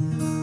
Mm-hmm.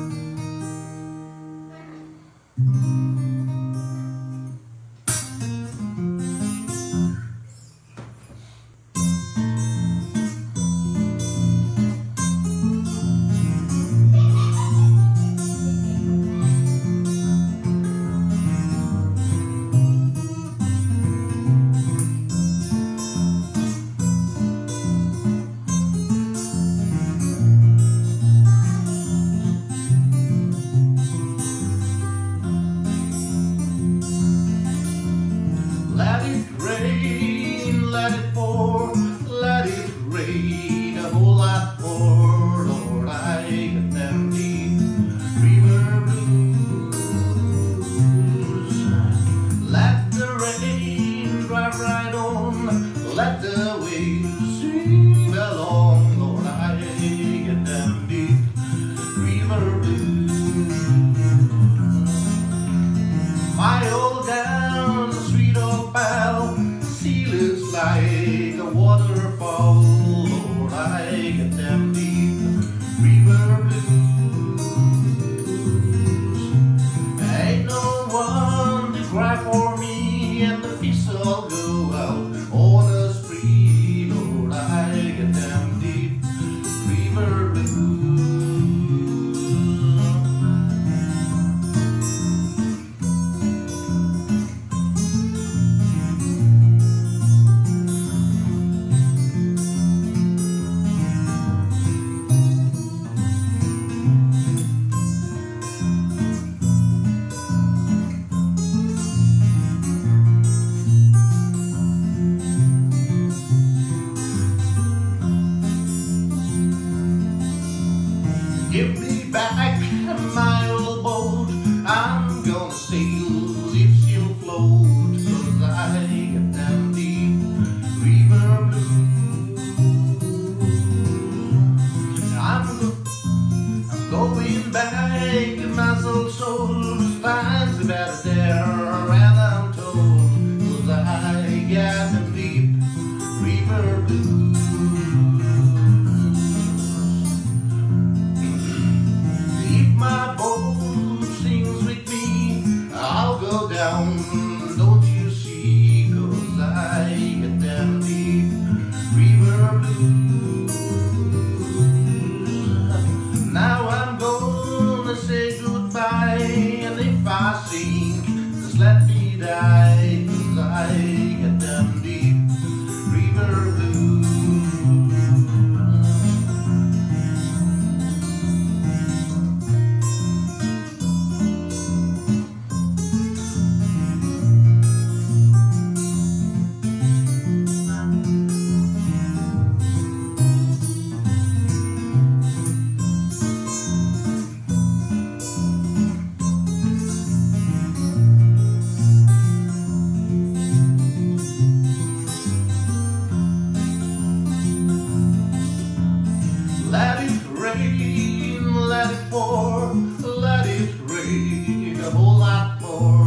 home. Let the If my boat with me, I'll go down more.